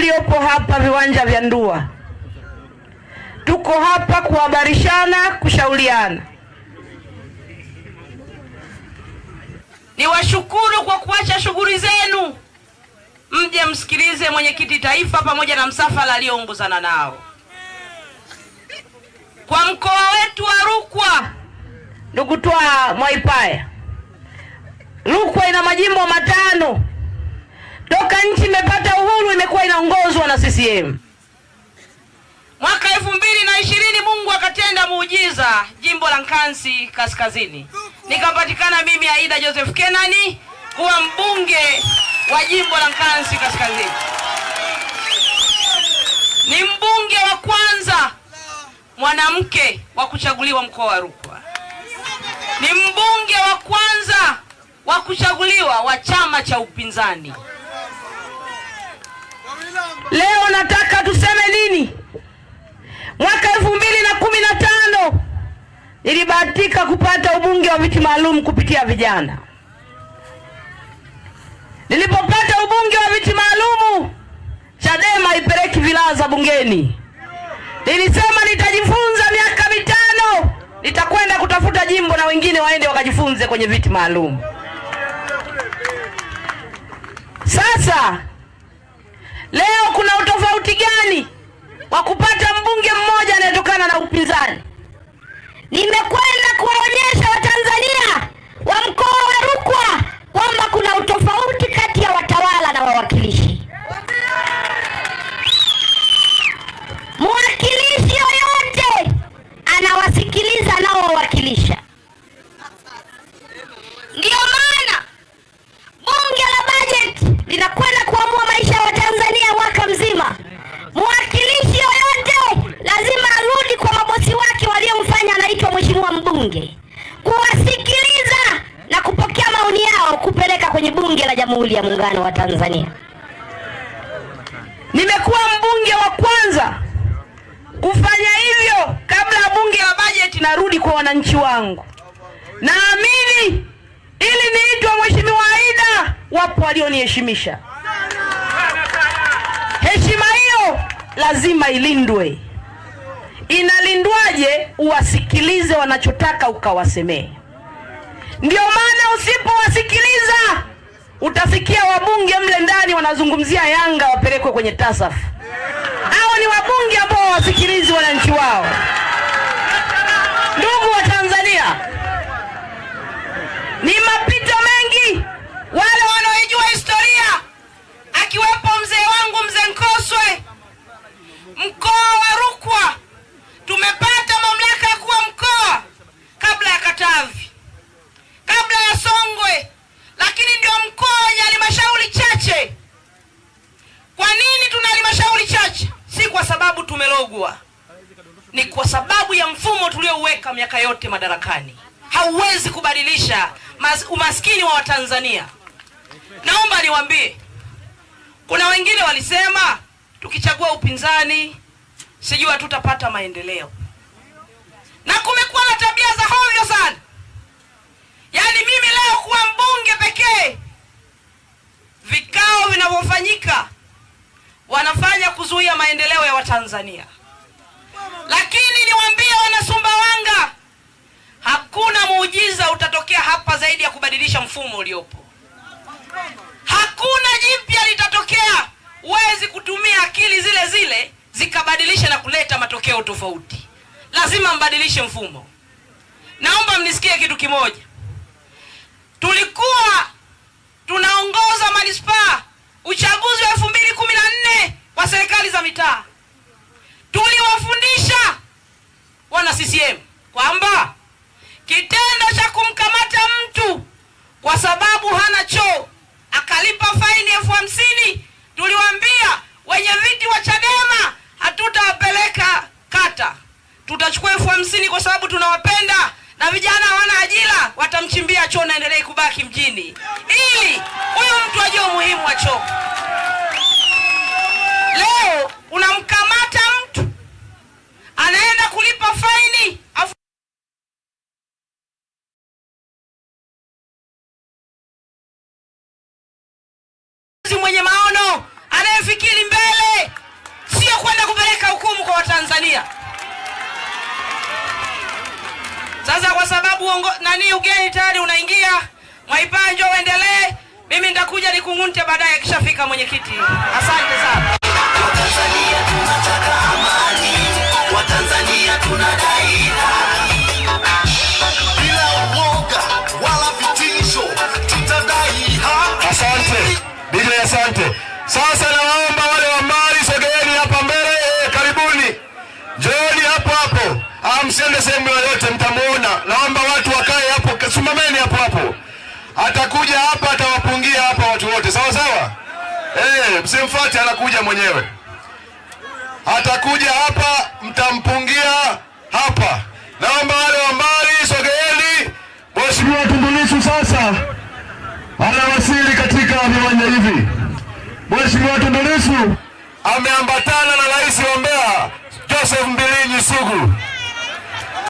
mliopo hapa viwanja vya Ndua, tuko hapa kuhabarishana, kushauriana. Niwashukuru kwa kuacha shughuli zenu mje msikilize mwenyekiti taifa pamoja na msafara aliyoongozana nao kwa mkoa wetu wa Rukwa. Ndugu Twaa Mwaipaya, Rukwa ina majimbo matano toka nchi imepata uhuru imekuwa inaongozwa na CCM. Mwaka elfu mbili na ishirini Mungu akatenda muujiza jimbo la Nkasi Kaskazini, nikapatikana mimi Aida Joseph Kenani kuwa mbunge wa jimbo la Nkasi Kaskazini. Ni mbunge wa kwanza mwanamke wa kuchaguliwa mkoa wa Rukwa. Ni mbunge wa kwanza wa kuchaguliwa wa chama cha upinzani. Leo nataka tuseme nini? Mwaka elfu mbili na kumi na tano nilibahatika kupata ubunge wa viti maalum kupitia vijana. Nilipopata ubunge wa viti maalumu, Chadema ipeleki vilaa za bungeni. Nilisema nitajifunza miaka mitano, nitakwenda kutafuta jimbo na wengine waende wakajifunze kwenye viti maalum. Sasa Leo kuna utofauti gani wa kupata mbunge mmoja anayetokana na upinzani? Nimekwenda kuwaonyesha Watanzania wa mkoa wa Rukwa kwamba kuna utofauti kati ya watawala na wawakilishi. Mwakilishi yoyote anawasikiliza anaowawakilisha. Ndio maana bunge la bajeti linakwenda lazima Mwakilishi yoyote lazima arudi kwa mabosi wake waliomfanya anaitwa mheshimiwa mbunge, kuwasikiliza na kupokea maoni yao, kupeleka kwenye bunge la Jamhuri ya Muungano wa Tanzania. Nimekuwa mbunge wa kwanza kufanya hivyo kabla bunge la bajeti, narudi kwa wananchi wangu. Naamini ili niitwa mheshimiwa Aida, wapo walioniheshimisha. Heshima hiyo lazima ilindwe. Inalindwaje? Uwasikilize wanachotaka ukawasemee. Ndio maana usipowasikiliza utasikia wabunge mle ndani wanazungumzia Yanga wapelekwe kwenye TASAF. Hao ni wabunge ambao hawasikilizi wananchi wao. Ndugu wa Tanzania, ni mapi si kwa sababu tumelogwa, ni kwa sababu ya mfumo tulioweka miaka yote madarakani. Hauwezi kubadilisha umaskini wa Watanzania. Naomba niwaambie, kuna wengine walisema tukichagua upinzani sijui tutapata maendeleo, na kumekuwa na tabia za hovyo sana. maendeleo ya Watanzania. Lakini niwaambie wana hakuna muujiza utatokea hapa zaidi ya kubadilisha mfumo uliopo. Hakuna jipya litatokea. Huwezi kutumia akili zile zile zikabadilisha na kuleta matokeo tofauti. Lazima mbadilishe mfumo. Naomba mnisikie kitu kimoja, tulikuwa tuna serikali za mitaa tuliwafundisha wana CCM kwamba kitendo cha kumkamata mtu kwa sababu hana choo akalipa faini elfu hamsini tuliwaambia wenye viti wa Chadema hatutawapeleka kata, tutachukua elfu hamsini kwa sababu tunawapenda na vijana hawana ajira, watamchimbia choo naendelea kubaki mjini, ili huyu mtu ajue umuhimu wa choo. Leo unamkamata mtu anaenda kulipa faini afu mwenye maono anayefikiri mbele, sio kwenda kupeleka hukumu kwa Watanzania. Sasa kwa sababu ongo, nani ugeni tayari unaingia, Mwaipaja uendelee, mimi nitakuja nikung'unte baadaye akishafika mwenyekiti. Asante sana. Watanzania Asante Sasa nawaomba wale wa mbali, sogeeni hapa mbele. Eh, karibuni, njooni hapo hapo, amsiende ah, sehemu yoyote, mtamuona. Naomba watu wakae hapo, simameni hapo hapo. Atakuja hapa atawapungia hapa watu wote, sawa sawa hey, eh, msimfuate, anakuja mwenyewe. Atakuja hapa, mtampungia hapa. Naomba wale wa mbali sogeeni. Mheshimiwa Tundu Lissu sasa anawasili katika viwanja hivi. Mheshimiwa Tundu Lissu ameambatana na rais wa Mbeya Joseph Mbilinyi Sugu.